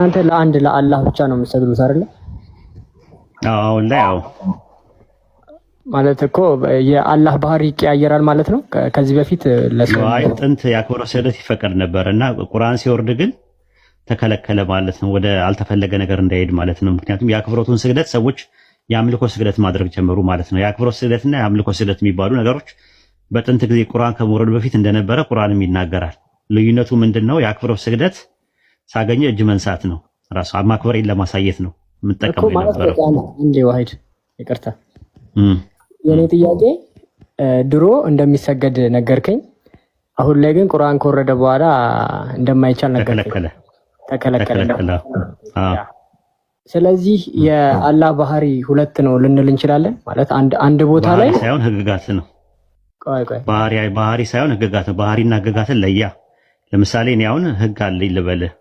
እናንተ ለአንድ ለአላህ ብቻ ነው የምትሰግዱት አይደለ? አዎ ላይ ማለት እኮ የአላህ ባህሪ ይቀያየራል ማለት ነው። ከዚህ በፊት ለሰዋይ ጥንት የአክብሮ ስዕለት ይፈቀድ ነበር እና ቁርአን ሲወርድ ግን ተከለከለ ማለት ነው። ወደ አልተፈለገ ነገር እንዳይሄድ ማለት ነው። ምክንያቱም የአክብሮቱን ስግደት ሰዎች የአምልኮ ስግደት ማድረግ ጀመሩ ማለት ነው። የአክብሮት ስግደትና የአምልኮ ስግደት የሚባሉ ነገሮች በጥንት ጊዜ ቁርአን ከመውረዱ በፊት እንደነበረ ቁርአንም ይናገራል። ልዩነቱ ምንድን ነው? የአክብሮት ስግደት ሳገኘ እጅ መንሳት ነው። ራሱ ማክበሬን ለማሳየት ነው የምጠቀመው ዋሂድ ይቅርታ፣ የእኔ ጥያቄ ድሮ እንደሚሰገድ ነገርከኝ። አሁን ላይ ግን ቁርአን ከወረደ በኋላ እንደማይቻል ነገርከኝ። ተከለከለ። ስለዚህ የአላህ ባህሪ ሁለት ነው ልንል እንችላለን ማለት አንድ ቦታ ላይ ሳይሆን ህግጋት ነው። ባህሪ ሳይሆን ህግጋት ነው። ባህሪና ህግጋትን ለያ። ለምሳሌ እኔ አሁን ህግ አለኝ ልበልህ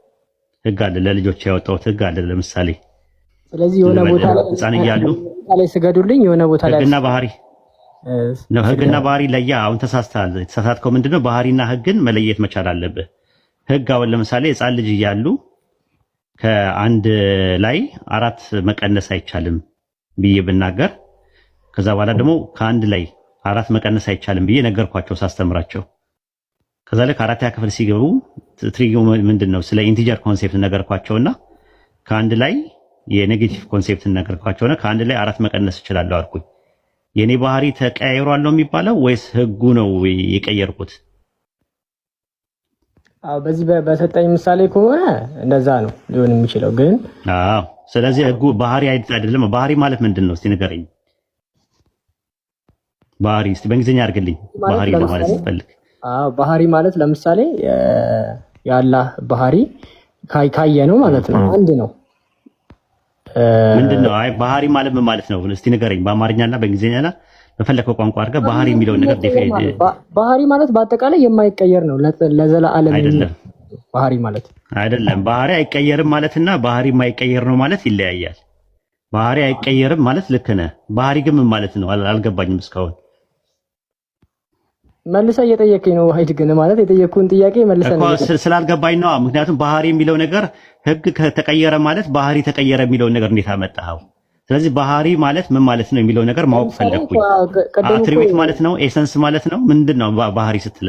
ህግ አለ፣ ለልጆች ያወጣሁት ህግ አለ። ለምሳሌ ስለዚህ የሆነ ቦታ ህፃን እያሉ ላይ ስገዱልኝ የሆነ ቦታ ላይ ህግና ባህሪ ህግና ባህሪ ለያ። አሁን ተሳስተሃል። የተሳሳትከው ምንድነው? ባህሪና ህግን መለየት መቻል አለብህ። ህግ አሁን ለምሳሌ ህፃን ልጅ እያሉ ከአንድ ላይ አራት መቀነስ አይቻልም ብዬ ብናገር ከዛ በኋላ ደግሞ ከአንድ ላይ አራት መቀነስ አይቻልም ብዬ ነገርኳቸው ሳስተምራቸው ከዛ ላይ ከአራተኛ ክፍል ሲገቡ ትሪጊዮ ምንድን ነው ስለ ኢንቲጀር ኮንሴፕት ነገርኳቸውና ከአንድ ላይ የኔጌቲቭ ኮንሴፕት ነገርኳቸውና ከአንድ ላይ አራት መቀነስ እችላለሁ አልኩኝ። የኔ ባህሪ ተቀያይሯል ነው የሚባለው ወይስ ህጉ ነው የቀየርኩት? በዚህ በሰጠኝ ምሳሌ ከሆነ እንደዛ ነው ሊሆን የሚችለው። ግን ስለዚህ ህጉ ባህሪ አይደለም። ባህሪ ማለት ምንድን ነው? እስቲ ንገረኝ። ባህሪ እስቲ በእንግሊዝኛ አድርግልኝ። ባህሪ ማለት ስትፈልግ ባህሪ ማለት ለምሳሌ የአላህ ባህሪ ካየ ነው ማለት ነው። አንድ ነው። ምንድን ነው? አይ ባህሪ ማለት ምን ማለት ነው? እስቲ ንገረኝ በአማርኛና በእንግሊዝኛና በፈለከው ቋንቋ አድርገህ ባህሪ የሚለውን ነገር ባህሪ ማለት በአጠቃላይ የማይቀየር ነው። ለዘላለም አይደለም ባህሪ ማለት አይደለም። ባህሪ አይቀየርም ማለትና ባህሪ የማይቀየር ነው ማለት ይለያያል። ባህሪ አይቀየርም ማለት ልክ ነህ። ባህሪ ግን ምን ማለት ነው? አልገባኝም እስካሁን መልሰ እየጠየቀኝ ነው ዋሂድ። ግን ማለት የጠየቅኩን ጥያቄ መልሰህ ነው ስላልገባኝ ነው። ምክንያቱም ባህሪ የሚለው ነገር ህግ ከተቀየረ ማለት ባህሪ ተቀየረ የሚለውን ነገር እንዴት አመጣኸው? ስለዚህ ባህሪ ማለት ምን ማለት ነው የሚለው ነገር ማወቅ ፈለግኩኝ። አትሪቢዩት ማለት ነው፣ ኤሰንስ ማለት ነው። ምንድን ነው ባህሪ ስትለ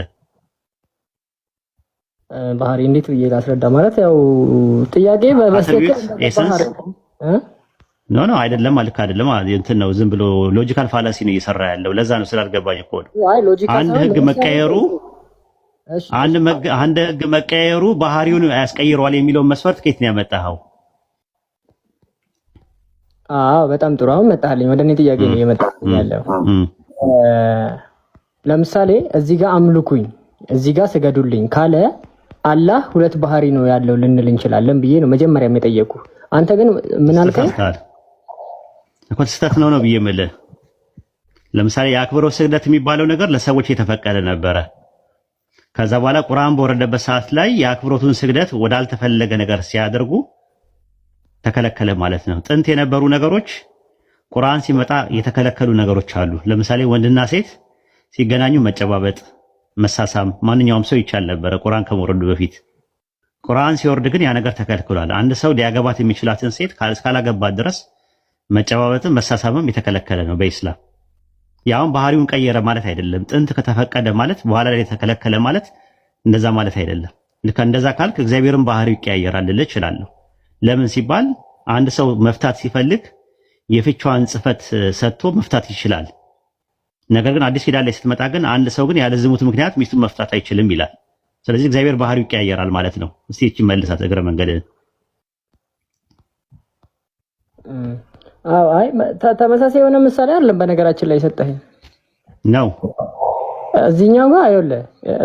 ባህሪ እንዴት ብዬ ላስረዳ? ማለት ያው ጥያቄ በስተቀር ኤሰንስ ኖ ኖ አይደለም፣ ልክ አይደለም። እንትን ነው ዝም ብሎ ሎጂካል ፋላሲ ነው እየሰራ ያለው። ለዛ ነው ስላልገባኝ እኮ ነው። አንድ ህግ መቀየሩ አንድ ህግ መቀየሩ ባህሪውን ያስቀይረዋል የሚለውን መስፈርት ከየት ነው ያመጣኸው? አዎ በጣም ጥሩ። አሁን መጣልኝ። ወደ እኔ ጥያቄ ነው እየመጣልኝ ያለው። ለምሳሌ እዚህ ጋር አምልኩኝ፣ እዚህ ጋር ስገዱልኝ ካለ አላህ ሁለት ባህሪ ነው ያለው ልንል እንችላለን ብዬ ነው መጀመሪያም የጠየቁ። አንተ ግን ምን አልከኝ? እኮ ስህተት ነው ነው ብዬ ለምሳሌ የአክብሮት ስግደት የሚባለው ነገር ለሰዎች የተፈቀደ ነበረ። ከዛ በኋላ ቁርአን በወረደበት ሰዓት ላይ የአክብሮቱን ስግደት ወዳልተፈለገ ነገር ሲያደርጉ ተከለከለ ማለት ነው። ጥንት የነበሩ ነገሮች ቁርአን ሲመጣ የተከለከሉ ነገሮች አሉ። ለምሳሌ ወንድና ሴት ሲገናኙ መጨባበጥ፣ መሳሳም ማንኛውም ሰው ይቻል ነበረ ቁርአን ከመውረዱ በፊት። ቁርአን ሲወርድ ግን ያ ነገር ተከልክሏል። አንድ ሰው ሊያገባት የሚችላትን ሴት እስካላገባት ድረስ መጨባበጥም መሳሳምም የተከለከለ ነው በኢስላም። ያውን ባህሪውን ቀየረ ማለት አይደለም። ጥንት ከተፈቀደ ማለት በኋላ ላይ የተከለከለ ማለት እንደዛ ማለት አይደለም። ልክ እንደዛ ካልክ እግዚአብሔርን ባህሪው ይቀያየራል ልል እችላለሁ። ለምን ሲባል አንድ ሰው መፍታት ሲፈልግ የፍቻዋን ጽፈት ሰጥቶ መፍታት ይችላል። ነገር ግን አዲስ ኪዳን ላይ ስትመጣ ግን አንድ ሰው ግን ያለ ዝሙት ምክንያት ሚስቱን መፍታት አይችልም ይላል። ስለዚህ እግዚአብሔር ባህሪው ይቀያየራል ማለት ነው። እስቲ እቺ መልሳት እግረ መንገድ አይ ተመሳሳይ የሆነ ምሳሌ አይደለም። በነገራችን ላይ ሰጠህ ነው። እዚህኛው ጋር አይደለ፣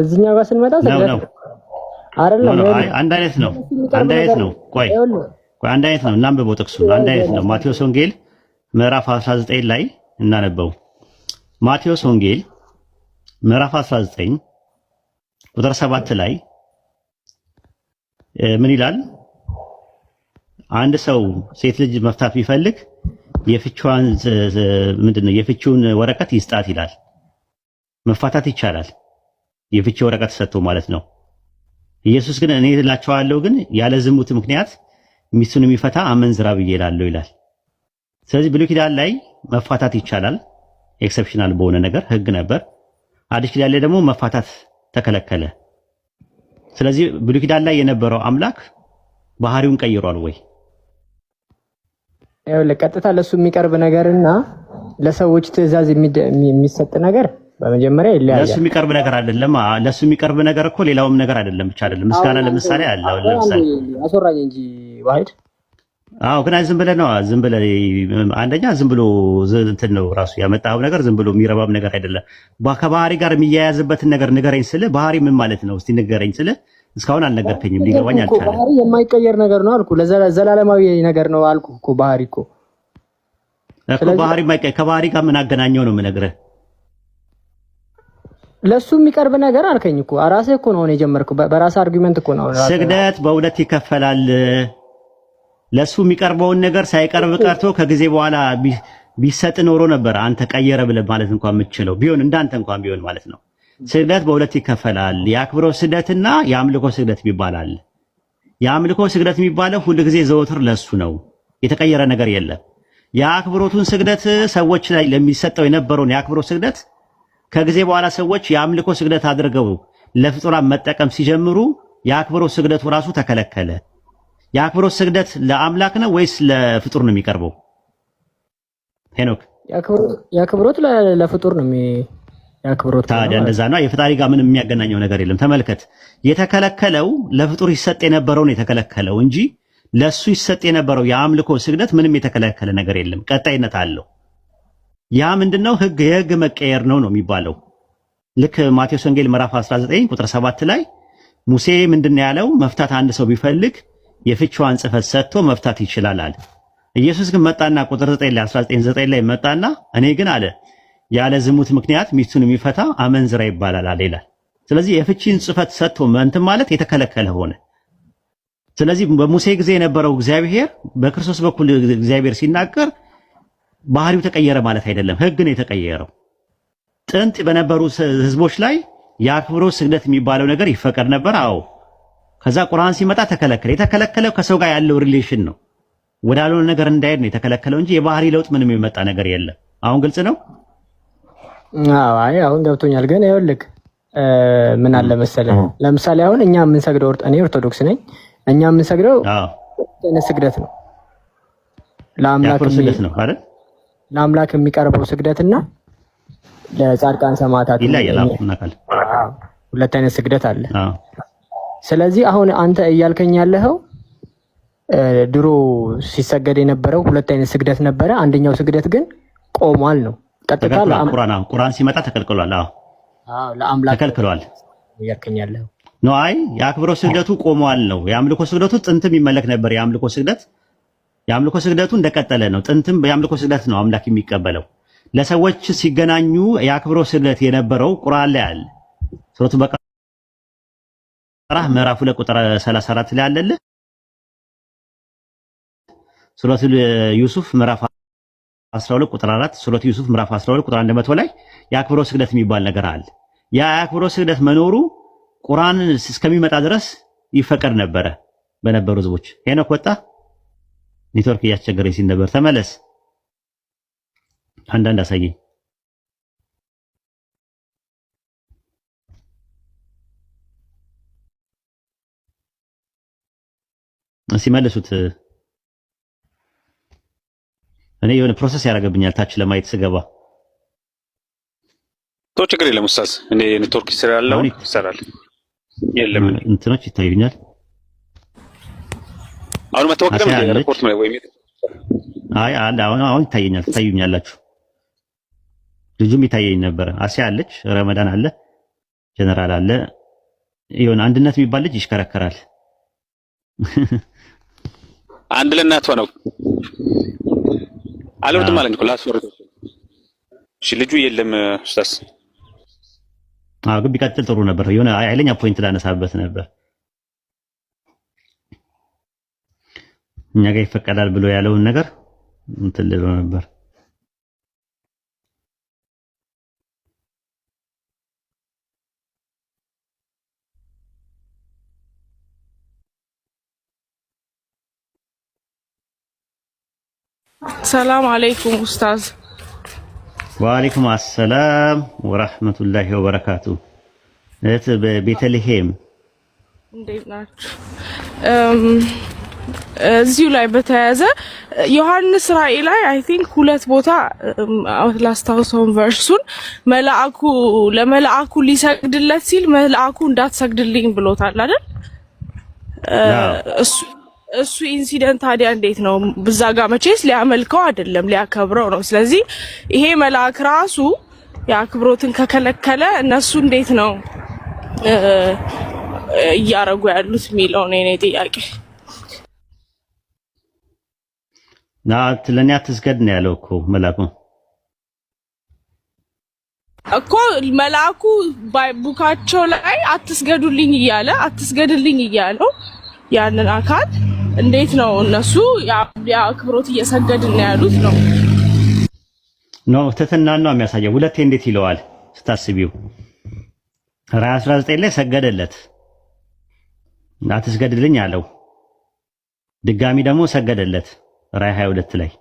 እዚህኛው ጋር ስንመጣ ነው አይደለም። አንድ አይነት ነው፣ አንድ አይነት ነው። ቆይ ቆይ፣ አንድ አይነት ነው። እናንብበው፣ ጥቅሱ አንድ አይነት ነው። ማቴዎስ ወንጌል ምዕራፍ 19 ላይ እናነበው። ማቴዎስ ወንጌል ምዕራፍ 19 ቁጥር 7 ላይ ምን ይላል? አንድ ሰው ሴት ልጅ መፍታት ቢፈልግ የፍቺዋን የፍቺውን ወረቀት ይስጣት ይላል። መፋታት ይቻላል፣ የፍቺ ወረቀት ሰጥቶ ማለት ነው። ኢየሱስ ግን እኔ እላቸዋለሁ ግን ያለ ዝሙት ምክንያት ሚስቱን የሚፈታ አመንዝራ ብዬ እላለሁ ይላል። ስለዚህ ብሉይ ኪዳን ላይ መፋታት ይቻላል፣ ኤክሰፕሽናል በሆነ ነገር ህግ ነበር። አዲስ ኪዳን ላይ ደግሞ መፋታት ተከለከለ። ስለዚህ ብሉይ ኪዳን ላይ የነበረው አምላክ ባህሪውን ቀይሯል ወይ? ቀጥታ ለሱ የሚቀርብ ነገር እና ለሰዎች ትዕዛዝ የሚሰጥ ነገር በመጀመሪያ ይለያል። ለእሱ የሚቀርብ ነገር አይደለም። ለሱ የሚቀርብ ነገር እኮ ሌላውም ነገር አይደለም ብቻ አይደለም። ምስጋና ለምሳሌ አለ። ለምሳሌ አስወራኝ እንጂ ዋሂድ። አዎ፣ ግን አይ ዝም ብለህ ነው። ዝም ብለህ አንደኛ፣ ዝም ብሎ እንትን ነው ራሱ ያመጣው ነገር ዝም ብሎ የሚረባም ነገር አይደለም። ከባህሪ ጋር የሚያያዝበትን ነገር ንገረኝ ስልህ ባህሪ ምን ማለት ነው? እስቲ ንገረኝ ስልህ እስካሁን አልነገርከኝም። ሊገባኝ አልቻለም። ባህሪ የማይቀየር ነገር ነው አልኩ። ዘላለማዊ ነገር ነው አልኩ እኮ ባህሪ እኮ እኮ ባህሪ የማይቀየር ከባህሪ ጋር ምን አገናኘው ነው የምነግርህ። ለሱ የሚቀርብ ነገር አልከኝ እኮ። ራስህ እኮ ነው የጀመርኩ። በራስ አርጊመንት እኮ ነው። ስግደት በሁለት ይከፈላል። ለሱ የሚቀርበውን ነገር ሳይቀርብ ቀርቶ ከጊዜ በኋላ ቢሰጥ ኖሮ ነበር አንተ ቀየረ ብለህ ማለት እንኳን የምችለው ቢሆን እንዳንተ እንኳን ቢሆን ማለት ነው ስግደት በሁለት ይከፈላል። የአክብሮ ስግደትና የአምልኮ ስግደት ይባላል። የአምልኮ ስግደት የሚባለው ሁል ጊዜ ዘወትር ለሱ ነው፣ የተቀየረ ነገር የለም። የአክብሮቱን ስግደት ሰዎች ላይ ለሚሰጠው የነበረውን የአክብሮ ስግደት ከጊዜ በኋላ ሰዎች የአምልኮ ስግደት አድርገው ለፍጡራን መጠቀም ሲጀምሩ የአክብሮ ስግደቱ ራሱ ተከለከለ። የአክብሮ ስግደት ለአምላክ ነው ወይስ ለፍጡር ነው የሚቀርበው? ሄኖክ፣ የአክብሮት ለፍጡር ነው። ታዲያ እንደዛ ነው። የፈጣሪ ጋር ምንም የሚያገናኘው ነገር የለም። ተመልከት፣ የተከለከለው ለፍጡር ይሰጥ የነበረው ነው የተከለከለው እንጂ ለሱ ይሰጥ የነበረው የአምልኮ ስግደት ምንም የተከለከለ ነገር የለም። ቀጣይነት አለው። ያ ምንድነው? ህግ የህግ መቀየር ነው ነው የሚባለው። ልክ ማቴዎስ ወንጌል ምዕራፍ 19 ቁጥር 7 ላይ ሙሴ ምንድነው ያለው? መፍታት አንድ ሰው ቢፈልግ የፍቻዋን ጽሕፈት ሰጥቶ መፍታት ይችላል አለ። ኢየሱስ ግን መጣና ቁጥር 9 ላይ 19 ላይ መጣና እኔ ግን አለ ያለ ዝሙት ምክንያት ሚስቱን የሚፈታ አመንዝራ ይባላል አለ ይላል። ስለዚህ የፍቺን ጽፈት ሰጥቶ እንትን ማለት የተከለከለ ሆነ። ስለዚህ በሙሴ ጊዜ የነበረው እግዚአብሔር በክርስቶስ በኩል እግዚአብሔር ሲናገር ባህሪው ተቀየረ ማለት አይደለም። ህግ ነው የተቀየረው። ጥንት በነበሩ ህዝቦች ላይ የአክብሮ ስግደት የሚባለው ነገር ይፈቀድ ነበር። አዎ። ከዛ ቁርአን ሲመጣ ተከለከለ። የተከለከለው ከሰው ጋር ያለው ሪሌሽን ነው። ወዳልሆነ ነገር እንዳይሄድ ነው የተከለከለው እንጂ የባህሪ ለውጥ ምንም የሚመጣ ነገር የለም። አሁን ግልጽ ነው። አይ አሁን ገብቶኛል። ግን ይኸውልህ ምን አለ መሰለህ፣ ለምሳሌ አሁን እኛ የምንሰግደው እኔ ኦርቶዶክስ ነኝ። እኛ የምንሰግደው አይነት ስግደት ነው ለአምላክ የሚቀርበው ስግደት እና ለጻድቃን ሰማዕታት ሁለት አይነት ስግደት አለ። ስለዚህ አሁን አንተ እያልከኝ ያለኸው ድሮ ሲሰገድ የነበረው ሁለት አይነት ስግደት ነበረ፣ አንደኛው ስግደት ግን ቆሟል ነው ቀጥታ ቁርአን ሲመጣ ተከልክሏል። አዎ ለአምላክ ተከልክሏል። ያከኛለሁ ኖ አይ የአክብሮት ስግደቱ ቆሟል ነው። የአምልኮ ስግደቱ ጥንትም ይመለክ ነበር። የአምልኮ ስግደት የአምልኮ ስግደቱ እንደቀጠለ ነው። ጥንትም የአምልኮ ስግደት ነው አምላክ የሚቀበለው። ለሰዎች ሲገናኙ የአክብሮት ስግደት የነበረው ቁርአን ላይ አለ። ሱረቱ በቀራ ምዕራፍ ሁለት ቁጥር 34 ላይ አለልህ። ሱረቱ ዩሱፍ ምዕራፍ 12 ቁጥር 4 ሱረት ዩሱፍ ምዕራፍ 12 ቁጥር 100 ላይ የአክብሮ ስግደት የሚባል ነገር አለ። ያ የአክብሮ ስግደት መኖሩ ቁርአንን እስከሚመጣ ድረስ ይፈቀድ ነበረ በነበሩ ህዝቦች። ሄኖክ ወጣ፣ ኔትወርክ እያስቸገረኝ ሲል ነበር። ተመለስ፣ አንዳንድ አሳየኝ። እስኪ መልሱት። እኔ የሆነ ፕሮሰስ ያደርገብኛል ታች ለማየት ስገባ። ቶ ችግር የለም ኡስታዝ፣ እኔ የኔትወርክ ስራ ያለው ይሰራል። የለም እንትኖች ይታዩኛል። አሁን መተወቀም ሪፖርት ላይ ወይ? አይ አንድ አሁን አሁን ይታየኛል፣ ትታዩኛላችሁ። ልጁም ይታየኝ ነበረ። አሲያ አለች፣ ረመዳን አለ፣ ጀነራል አለ። የሆነ አንድነት የሚባል ልጅ ይሽከረከራል። አንድ ለእናቷ ነው አልወርድም አለኝ እኮ ላስወርድ። እሺ ልጁ የለም ኡስታዝ። አዎ ግን ቢቀጥል ጥሩ ነበር። የሆነ ኃይለኛ ፖይንት ላነሳበት ነበር። እኛ ጋር ይፈቀዳል ብሎ ያለውን ነገር እንትን ልሎ ነበር። ሰላም አለይኩም ኡስታዝ። ወአለይኩም አሰላም ወራህመቱላሂ ወበረካቱ። እህት በቤተልሔም እንዴት ናችሁ? እዚሁ ላይ በተያያዘ ዮሐንስ ራእይ ላይ አይ ቲንክ ሁለት ቦታ ላስታውሰውን ቨርሱን መልአኩ ለመልአኩ ሊሰግድለት ሲል መልአኩ እንዳትሰግድልኝ ብሎታል አይደል? እሱ እሱ ኢንሲደንት ታዲያ እንዴት ነው ብዛ ጋር መቼስ ሊያመልከው አይደለም ሊያከብረው ነው። ስለዚህ ይሄ መልአክ ራሱ የአክብሮትን ከከለከለ እነሱ እንዴት ነው እያረጉ ያሉት የሚለው ነው የኔ ጥያቄ። ናት ለእኔ አትስገድ ነው ያለው እኮ መልአኩ እኮ መልአኩ ቡካቸው ላይ አትስገዱልኝ እያለ አትስገድልኝ እያለው ያንን አካል እንዴት ነው እነሱ አክብሮት እየሰገድን ያሉት? ነው ኖ ትትናን ነው የሚያሳየው። ሁለቴ እንዴት ይለዋል ስታስቢው። ራዕይ 19 ላይ ሰገደለት አትስገድልኝ አለው። ድጋሚ ደግሞ ሰገደለት ራዕይ 22 ላይ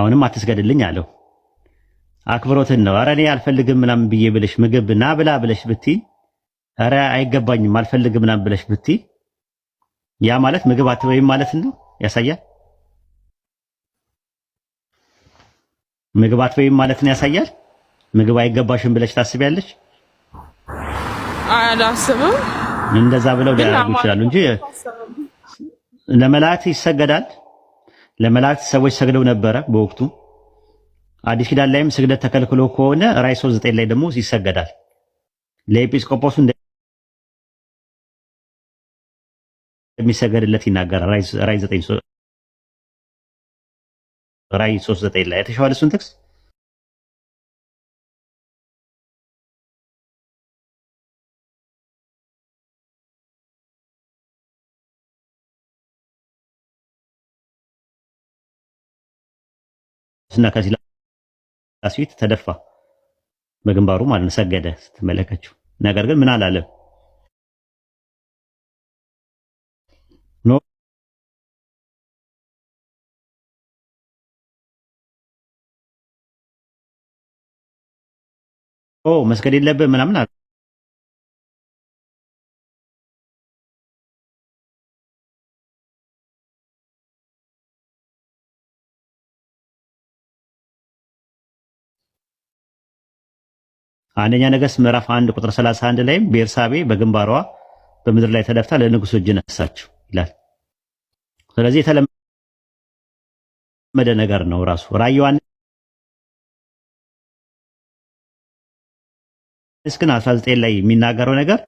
አሁንም አትስገድልኝ አለው። አክብሮትን ነው። ኧረ እኔ አልፈልግም ምናምን ብዬ ብለሽ ምግብ ና ብላ ብለሽ ብቲ ኧረ አይገባኝም አልፈልግም ምናምን ብለሽ ብቲ ያ ማለት ምግብ አትበይም ማለት ነው ያሳያል። ምግብ አትበይም ማለት ነው ያሳያል። ምግብ አይገባሽም ብለሽ ታስቢያለሽ? አላስብም። እንደዛ ብለው ሊያደርጉ ይችላሉ እንጂ ለመላእክት ይሰገዳል። ለመላእክት ሰዎች ሰግደው ነበረ በወቅቱ። አዲስ ኪዳን ላይም ስግደት ተከልክሎ ከሆነ ራዕይ 3 9 ላይ ደግሞ ይሰገዳል ለኤጲስቆጶሱ የሚሰገድለት ይናገራል። ራይ ዘጠኝ ራይ ሶስት ዘጠኝ ላይ የተሸዋል እሱን ጥቅስ እና ከሲላስ ፊት ተደፋ በግንባሩ ማለት ሰገደ ስትመለከችው። ነገር ግን ምን አላለም? ኦ መስገድ የለብህ ምናምን አለ። አንደኛ ነገስት ምዕራፍ አንድ ቁጥር 31 ላይም ቤርሳቤ በግንባሯ በምድር ላይ ተደፍታ ለንጉሱ እጅ ነሳችው ይላል። ስለዚህ የተለመደ ነገር ነው ራሱ ራእይ ግን 19 ላይ የሚናገረው ነገር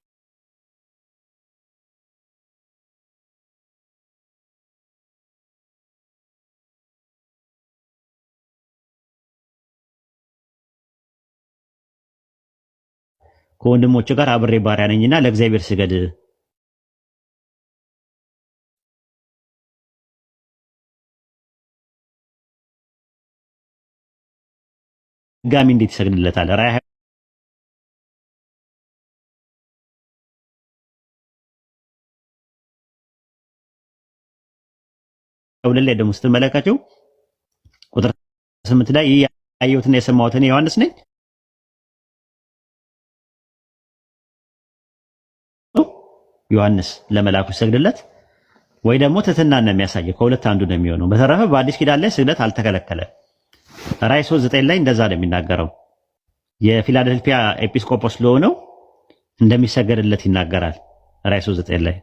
ከወንድሞቹ ጋር አብሬ ባሪያ ነኝና ለእግዚአብሔር ስገድ ድጋሚ እንዴት ይሰግድለታል? ራያ ሁለት ላይ ደግሞ ስትመለከቱ ቁጥር ስምንት ላይ ይህ ያየሁትና የሰማሁት እኔ ዮሐንስ ነኝ ዮሐንስ ለመላኩ ሲሰግድለት ወይ ደግሞ ትህትናን ነው የሚያሳየው። ከሁለት አንዱ ነው የሚሆነው። በተረፈ በአዲስ ኪዳን ላይ ስግደት አልተከለከለም። ራዕይ ሦስት ዘጠኝ ላይ እንደዛ ነው የሚናገረው። የፊላደልፊያ ኤጲስቆጶስ ለሆነው እንደሚሰገድለት ይናገራል። ራዕይ ሦስት ዘጠኝ ላይ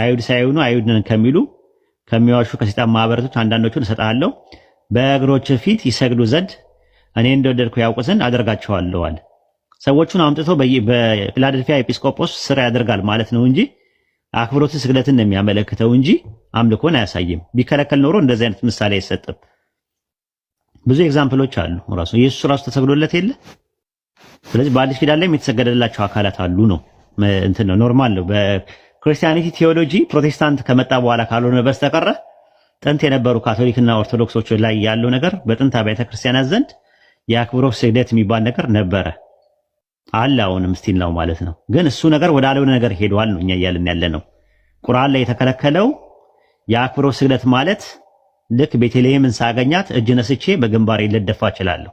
አይሁድ ሳይሆኑ አይሁድን ከሚሉ ከሚዋሹ ከሴጣን ማህበረቶች አንዳንዶቹን እሰጥሃለሁ በእግሮች ፊት ይሰግዱ ዘንድ እኔ እንደወደድኩ ያውቁ ዘንድ አደርጋቸዋለዋል። ሰዎቹን አምጥቶ በፊላደልፊያ ኤጲስቆጶስ ስራ ያደርጋል ማለት ነው እንጂ አክብሮትን ስግደትን ነው የሚያመለክተው እንጂ አምልኮን አያሳይም። ቢከለከል ኖሮ እንደዚህ አይነት ምሳሌ አይሰጥም። ብዙ ኤግዛምፕሎች አሉ። ራሱ ኢየሱስ ራሱ ተሰግዶለት የለ። ስለዚህ በአዲስ ኪዳን ላይ የተሰገደላቸው አካላት አሉ ነው እንትን ነው ኖርማል ነው። ክርስቲያኒቲ ቴዎሎጂ ፕሮቴስታንት ከመጣ በኋላ ካልሆነ በስተቀረ ጥንት የነበሩ ካቶሊክና ኦርቶዶክሶች ላይ ያለው ነገር በጥንት አብያተ ክርስቲያናት ዘንድ የአክብሮት ስግደት የሚባል ነገር ነበረ አለ። አሁንም ስቲል ነው ማለት ነው። ግን እሱ ነገር ወደ አልሆነ ነገር ሄዷል ነው እኛ እያልን ያለ ነው። ቁርአን ላይ የተከለከለው የአክብሮት ስግደት ማለት ልክ ቤተልሔምን ሳገኛት እጅ ነስቼ በግንባሬ ልደፋ እችላለሁ።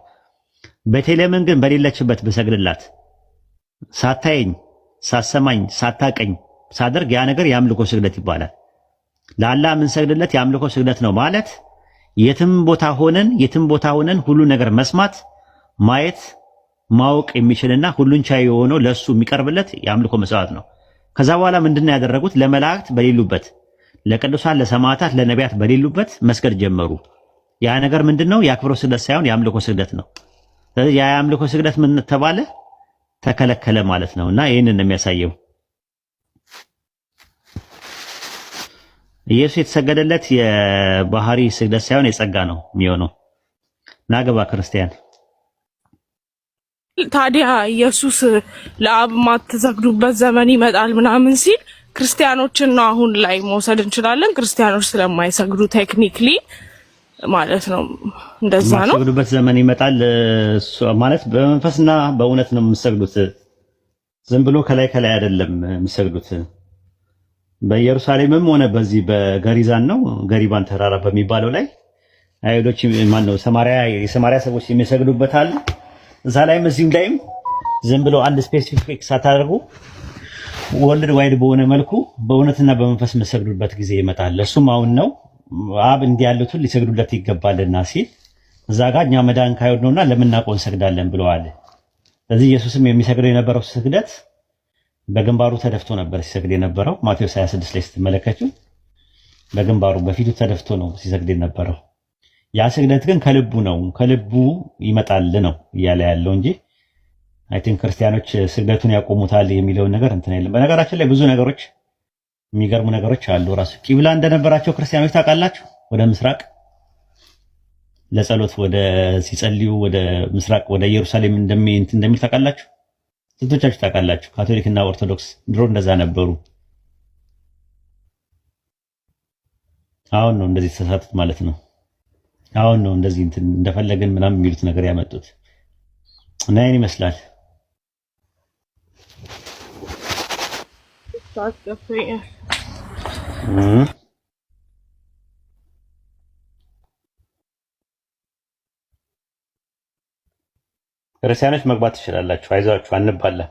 ቤተልሔምን ግን በሌለችበት ብሰግድላት ሳታየኝ፣ ሳሰማኝ፣ ሳታቀኝ ሳደርግ ያ ነገር የአምልኮ ስግደት ይባላል። ለአላህ የምንሰግድለት የአምልኮ ስግደት ነው ማለት የትም ቦታ ሆነን የትም ቦታ ሆነን ሁሉ ነገር መስማት፣ ማየት፣ ማወቅ የሚችልና ሁሉን ቻይ የሆነው ለሱ የሚቀርብለት የአምልኮ መስዋዕት ነው። ከዛ በኋላ ምንድነው ያደረጉት? ለመላእክት በሌሉበት ለቅዱሳን ለሰማዕታት ለነቢያት በሌሉበት መስገድ ጀመሩ። ያ ነገር ምንድነው? የአክብሮ ስግደት ሳይሆን የአምልኮ ስግደት ነው። ስለዚህ ያ የአምልኮ ስግደት ምን ተባለ? ተከለከለ ማለት ነውና ይህንን ነው የሚያሳየው። ኢየሱስ የተሰገደለት የባህሪ ስግደት ሳይሆን የጸጋ ነው የሚሆነው። ናገባ ክርስቲያን ታዲያ ኢየሱስ ለአብ ማትሰግዱበት ዘመን ይመጣል ምናምን ሲል ክርስቲያኖችን ነው አሁን ላይ መውሰድ እንችላለን። ክርስቲያኖች ስለማይሰግዱ ቴክኒክሊ ማለት ነው። እንደዛ ነው። የምትሰግዱበት ዘመን ይመጣል ማለት በመንፈስና በእውነት ነው የምሰግዱት። ዝም ብሎ ከላይ ከላይ አይደለም የምሰግዱት። በኢየሩሳሌምም ሆነ በዚህ በገሪዛን ነው ገሪባን ተራራ በሚባለው ላይ አይሁዶች ማን ነው ሰማሪያ የሰማሪያ ሰዎች የሚሰግዱበት አለ። እዛ ላይም እዚህም ላይም ዝም ብሎ አንድ ስፔሲፊክ ሳታደርጉ ወልድ ዋይድ በሆነ መልኩ በእውነትና በመንፈስ መሰግዱበት ጊዜ ይመጣል። እሱም አሁን ነው። አብ እንዲህ ያሉትን ሊሰግዱለት ይገባልና ሲል እዛ ጋር እኛ መዳን ካይሁድ ነውና ለምናውቀው እንሰግዳለን ብለዋል። ስለዚህ ኢየሱስም የሚሰግደው የነበረው ስግደት በግንባሩ ተደፍቶ ነበር ሲሰግድ የነበረው። ማቴዎስ 26 ላይ ስትመለከቱ በግንባሩ በፊቱ ተደፍቶ ነው ሲሰግድ የነበረው። ያ ስግደት ግን ከልቡ ነው ከልቡ ይመጣል ነው እያለ ያለው እንጂ አይ ቲንክ ክርስቲያኖች ስግደቱን ያቆሙታል የሚለውን ነገር እንትን የለም። በነገራችን ላይ ብዙ ነገሮች የሚገርሙ ነገሮች አሉ። ራሱ ቂብላ እንደነበራቸው ክርስቲያኖች ታውቃላችሁ። ወደ ምስራቅ ለጸሎት ወደ ሲጸልዩ ወደ ምስራቅ ወደ ኢየሩሳሌም እንደሚል ታውቃላችሁ። ስንቶቻችሁ ታውቃላችሁ? ካቶሊክና ኦርቶዶክስ ድሮ እንደዛ ነበሩ። አሁን ነው እንደዚህ የተሳሳቱት ማለት ነው። አሁን ነው እንደዚህ እንደፈለግን ምናምን የሚሉት ነገር ያመጡት እና ይህን ይመስላል። እ ክርስቲያኖች መግባት ትችላላችሁ። አይዟችሁ፣ አንባላ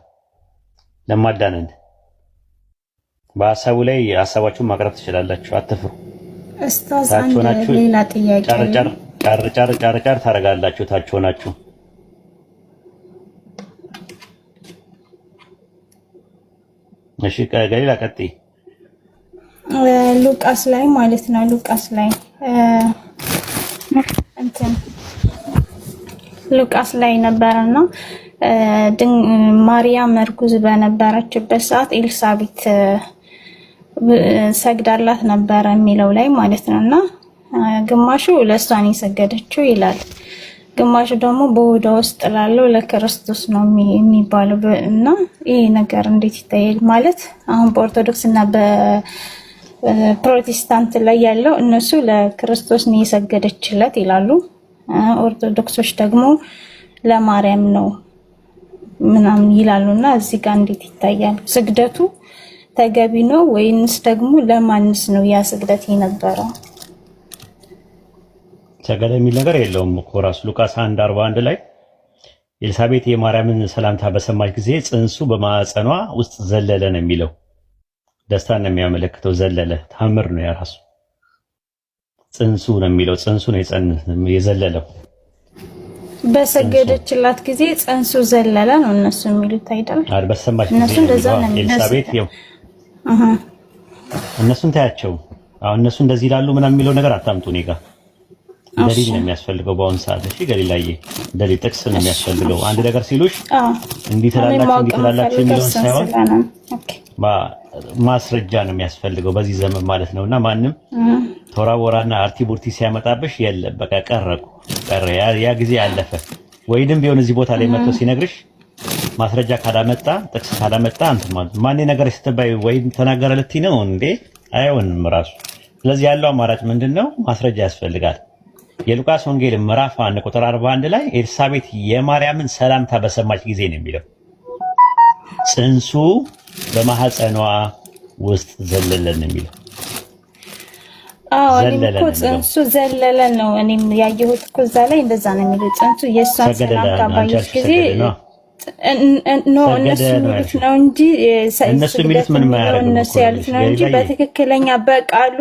ለማዳነን በሀሳቡ ላይ ሀሳባችሁን ማቅረብ ትችላላችሁ። አትፍሩ። ታች ሆናችሁ ጫርጫር ጫርጫር ታደርጋላችሁ። ታች እሺ። ገሊላ ቀጥይ። ሉቃስ ላይ ማለት ነው ሉቃስ ላይ እንትን ሉቃስ ላይ ነበረና ማርያም እርጉዝ በነበረችበት ሰዓት ኤልሳቤት ሰግዳላት ነበረ የሚለው ላይ ማለት ነው። እና ግማሹ ለእሷን የሰገደችው ይላል፣ ግማሹ ደግሞ በሆዷ ውስጥ ላለው ለክርስቶስ ነው የሚባለው። እና ይህ ነገር እንዴት ይታያል? ማለት አሁን በኦርቶዶክስ እና በፕሮቴስታንት ላይ ያለው እነሱ ለክርስቶስ ነው የሰገደችለት ይላሉ ኦርቶዶክሶች ደግሞ ለማርያም ነው ምናምን ይላሉ እና እዚህ ጋር እንዴት ይታያል? ስግደቱ ተገቢ ነው ወይንስ ደግሞ ለማንስ ነው ያ ስግደት የነበረው? ሰገደ የሚል ነገር የለውም እኮ ራሱ ሉቃስ 1 41 ላይ ኤልሳቤት የማርያምን ሰላምታ በሰማች ጊዜ ጽንሱ በማዕፀኗ ውስጥ ዘለለ ነው የሚለው። ደስታን ነው የሚያመለክተው። ዘለለ ታምር ነው የራሱ ጽንሱ ነው የሚለው ጽንሱ ነው የዘለለው። በሰገደችላት ጊዜ ጽንሱ ዘለለ ነው እነሱ የሚሉት አይደል? እነሱ በተሰማች ጊዜ ኤልሳቤት ይው እነሱን ታያቸው። አሁን እነሱ እንደዚህ ይላሉ ምናምን የሚለው ነገር አታምጡ እኔ ጋር ደሊል ነው የሚያስፈልገው በአሁኑ ሰዓት። እሺ ገሊላዬ፣ ደሊል ጥቅስ ነው የሚያስፈልገው። አንድ ነገር ሲሉሽ እንዲህ ትላላችሁ እንዲህ ትላላችሁ የሚለውን ሳይሆን ማስረጃ ነው የሚያስፈልገው በዚህ ዘመን ማለት ነው። እና ማንም ቶራ ቦራና አርቲ ቡርቲ ሲያመጣብሽ የለም በቃ ቀረቁ ቀረ፣ ያ ጊዜ አለፈ። ወይንም ቢሆን እዚህ ቦታ ላይ መጥቶ ሲነግርሽ ማስረጃ ካላመጣ ጥቅስ ካላመጣ አንተ ማለት ማን ነገር ስትባይ ወይም ተናገረ ልቲ ነው እንዴ አይሆንም ራሱ። ስለዚህ ያለው አማራጭ ምንድን ነው? ማስረጃ ያስፈልጋል። የሉቃስ ወንጌል ምዕራፍ 1 ቁጥር 41 ላይ ኤልሳቤት የማርያምን ሰላምታ በሰማች ጊዜ ነው የሚለው ጽንሱ በማህፀኗ ውስጥ ዘለለን የሚለው ጽንሱ ዘለለ ነው። እኔም ያየሁት እኮ እዛ ላይ እንደዛ ነው የሚለው ጽንሱ የእሷን ሰላምታ ባየች ጊዜ እነሱ የሚሉት ነው እንጂ እነሱ ያሉት ነው እንጂ በትክክለኛ በቃሉ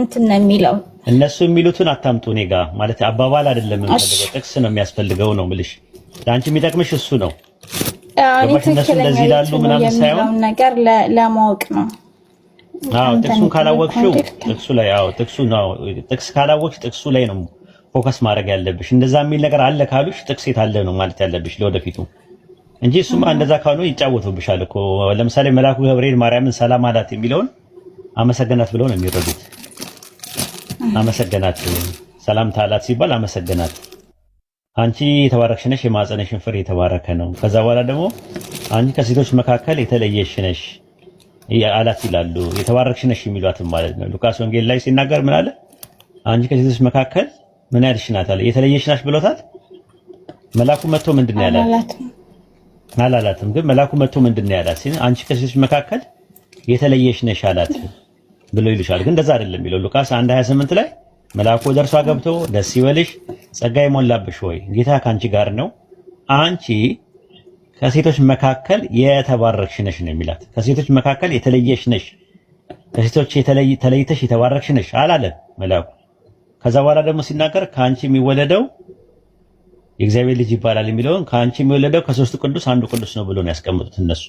እንትን ነው የሚለው። እነሱ የሚሉትን አታምጡ እኔ ጋ ማለት አባባል አይደለም የምፈልገው፣ ጥቅስ ነው የሚያስፈልገው ነው ምልሽ ለአንቺ የሚጠቅምሽ እሱ ነው። እንደዚህ ላሉ ምናምን ሳይሆን ነገር ለማወቅ ነው። አዎ ጥቅሱን ካላወቅሽው ጥቅሱ ላይ አዎ ጥቅሱ ነው። ጥቅስ ካላወቅሽ ጥቅሱ ላይ ነው ፎከስ ማድረግ ያለብሽ። እንደዛ የሚል ነገር አለ ካሉሽ ጥቅስ የታለ ነው ማለት ያለብሽ ለወደፊቱ እንጂ እሱማ እንደዛ ካሉ ይጫወቱብሻል እኮ። ለምሳሌ መልአኩ ገብርኤል ማርያምን ሰላም አላት የሚለውን አመሰገናት ብለው ነው የሚረዱት። አመሰገናት። ሰላምታ አላት ሲባል አመሰገናት። አንቺ የተባረክሽ ነሽ፣ የማህፀንሽን ፍሬ የተባረከ ነው። ከዛ በኋላ ደግሞ አንቺ ከሴቶች መካከል የተለየሽ ነሽ አላት ይላሉ። የተባረክሽ ነሽ የሚሏትም ማለት ነው። ሉቃስ ወንጌል ላይ ሲናገር ምን አለ? አንቺ ከሴቶች መካከል ምን ያልሽ ናት አለ። የተለየሽ ናት ብሎታት መላኩ መጥቶ ምንድን ነው ያላት? አላላትም። ግን መላኩ መጥቶ ምንድን ነው ያላት? አንቺ ከሴቶች መካከል የተለየሽ ነሽ አላት። ብሎ ይልሻል። ግን እንደዛ አይደለም የሚለው ሉቃስ 1:28 ላይ መልአኩ ወደ እርሷ ገብቶ ደስ ይበልሽ፣ ጸጋ የሞላብሽ ሆይ ጌታ ከአንቺ ጋር ነው፣ አንቺ ከሴቶች መካከል የተባረክሽ ነሽ ነው የሚላት። ከሴቶች መካከል የተለየሽ ነሽ፣ ከሴቶች ተለይተሽ የተባረክሽ ነሽ አላለ መልአኩ። ከዛ በኋላ ደግሞ ሲናገር ከአንቺ የሚወለደው የእግዚአብሔር ልጅ ይባላል የሚለውን ከአንቺ የሚወለደው ከሶስቱ ቅዱስ አንዱ ቅዱስ ነው ብሎ ነው ያስቀምጡት እነሱ።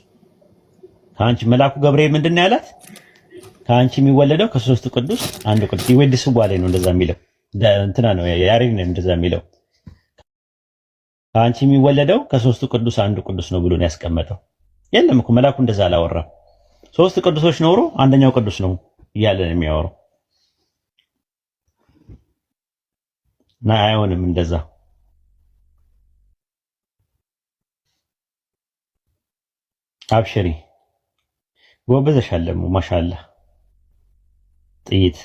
ከአንቺ መልአኩ ገብርኤል ምንድን ነው ያላት? ከአንቺ የሚወለደው ከሶስቱ ቅዱስ አንዱ ቅዱስ ይወድስ ባለ ነው እንደዛ የሚለው እንትና ነው ያሬድ ነው እንደዛ የሚለው ከአንቺ የሚወለደው ከሶስቱ ቅዱስ አንዱ ቅዱስ ነው ብሎ ነው ያስቀመጠው። የለም እኮ መላኩ እንደዛ አላወራም። ሶስት ቅዱሶች ኖሮ አንደኛው ቅዱስ ነው እያለ ነው የሚያወራው። እና አይሆንም እንደዛ አብሽሪ ጎበዘሻል ደግሞ ማሻአላህ ጥይት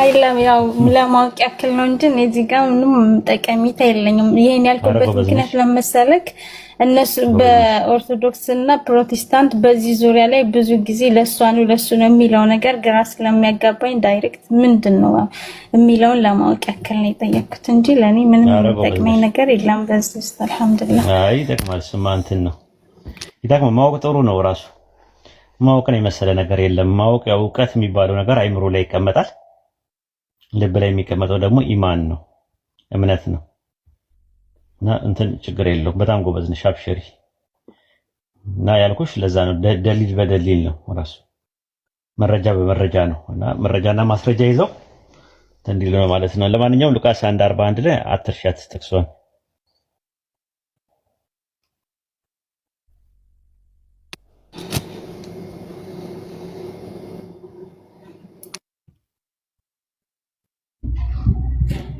አይለም ያው ለማወቅ ያክል ነው እንጂ እዚህ ጋር ምንም ጠቀሜታ የለኝም። ይሄን ያልኩበት ምክንያት ለመሰለክ እነሱ በኦርቶዶክስ እና ፕሮቴስታንት በዚህ ዙሪያ ላይ ብዙ ጊዜ ለእሷ ነው ለእሱ ነው የሚለው ነገር ግራ ስለሚያጋባኝ ዳይሬክት ምንድን ነው የሚለውን ለማወቅ ያክል ነው የጠየኩት እንጂ ለእኔ ምንም የሚጠቅመኝ ነገር የለም። በዚህ ውስጥ አይ ይጠቅማል። ስማ እንትን ነው ይጠቅማል። ማወቅ ጥሩ ነው ራሱ ማወቅን የመሰለ ነገር የለም። ማወቅ ያው እውቀት የሚባለው ነገር አይምሮ ላይ ይቀመጣል። ልብ ላይ የሚቀመጠው ደግሞ ኢማን ነው፣ እምነት ነው። እና እንትን ችግር የለውም። በጣም ጎበዝ ነሽ አብሽሪ። እና ያልኩሽ ለዛ ነው፣ ደሊል በደሊል ነው ራሱ መረጃ በመረጃ ነው። እና መረጃና ማስረጃ ይዘው እንዲል ነው ማለት ነው። ለማንኛውም ሉቃስ 1:41 ላይ አትርሻት ጥቅሷን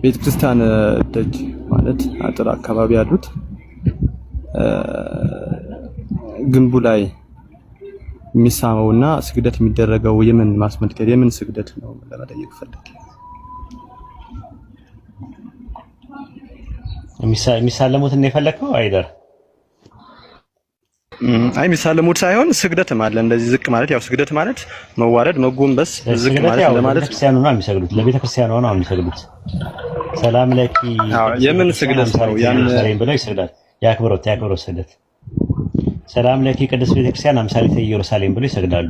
ቤተክርስቲያን ደጅ ማለት አጥር አካባቢ ያሉት ግንቡ ላይ የሚሳመውና ስግደት የሚደረገው የምን ማስመልከት የምን ስግደት ነው ለመጠየቅ ፈልጌ። የሚሳለሙት እና የፈለከው አይደር አይ የሚሳለሙት ሳይሆን ስግደት ማለት እንደዚህ ዝቅ ማለት ያው ስግደት ማለት መዋረድ፣ መጎንበስ፣ ዝቅ ማለት ለማለት ክርስቲያኑ ነው የሚሰግዱት። ለቤተክርስቲያኑ ነው የሚሰግዱት። ሰላም ለኪ የምን ስግደት ነው? ያን ብሎ ይሰግዳል። ያክብሮት ያክብሮት ስግደት ሰላም ለኪ ቅድስት ቤተክርስቲያን አምሳሌተ ኢየሩሳሌም ብሎ ይሰግዳሉ።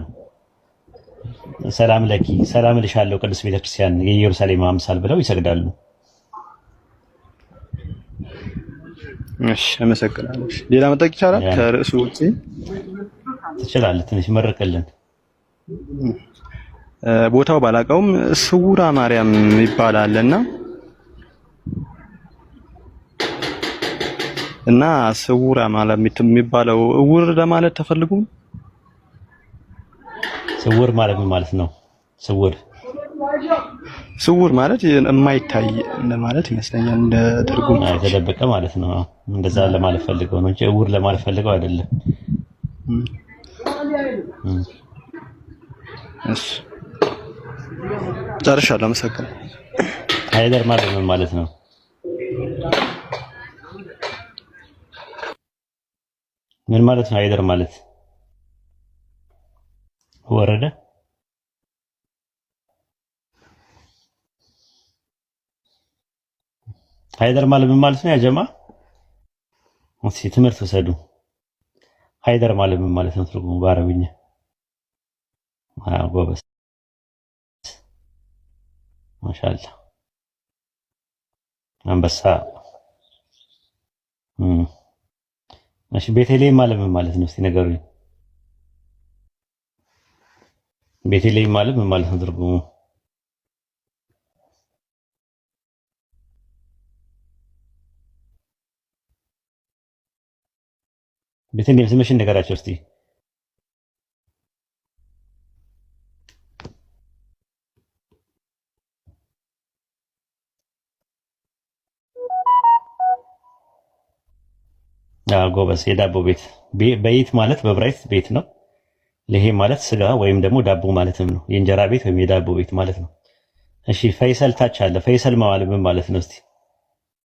ሰላም ለኪ ሰላም ልሻለሁ ቅድስት ቤተክርስቲያን የኢየሩሳሌም አምሳል ብለው ይሰግዳሉ። እሺ አመሰግናለሁ። ሌላ መጠቅ ይቻላል? ከርዕሱ ውጪ ትችላለህ። ትንሽ መርቅልን። ቦታው ባላቀውም ስውራ ማርያም ይባላል እና እና ስውራ ማለት የሚባለው እውር ለማለት ተፈልጉ። ስውር ማለት ምን ማለት ነው? ስውር ስውር ማለት የማይታይ ለማለት ይመስለኛል፣ እንደ ትርጉም የተደበቀ ማለት ነው። እንደዛ ለማለት ፈልገው ነው እንጂ እውር ለማለት ፈልገው አይደለም። እሺ ጨርሻለሁ። መሰከረ ሃይደር ማለት ምን ማለት ነው? ምን ማለት ነው? አይደር ማለት ወረደ ሃይደር ማለት ምን ማለት ነው? ያጀማ እስኪ ትምህርት ውሰዱ። ሃይደር ማለት ምን ማለት ነው? ትርጉሙ በአረብኛ ጎበስ። ማሻአላ አንበሳ እሺ ቤተልሔም ማለት ምን ማለት ነው? እስቲ ንገሩኝ። ቤተልሔም ማለት ምን ማለት ነው ትርጉሙ? ቤተልሔም ስምሽን እስቲ። ጎበዝ የዳቦ ቤት በይት ማለት በብራይት ቤት ነው። ለሄ ማለት ስጋ ወይም ደግሞ ዳቦ ማለትም ነው። የእንጀራ ቤት ወይም የዳቦ ቤት ማለት ነው። እሺ ፈይሰል ታች አለ። ፈይሰል ማለት ምን ማለት ነው እስቲ?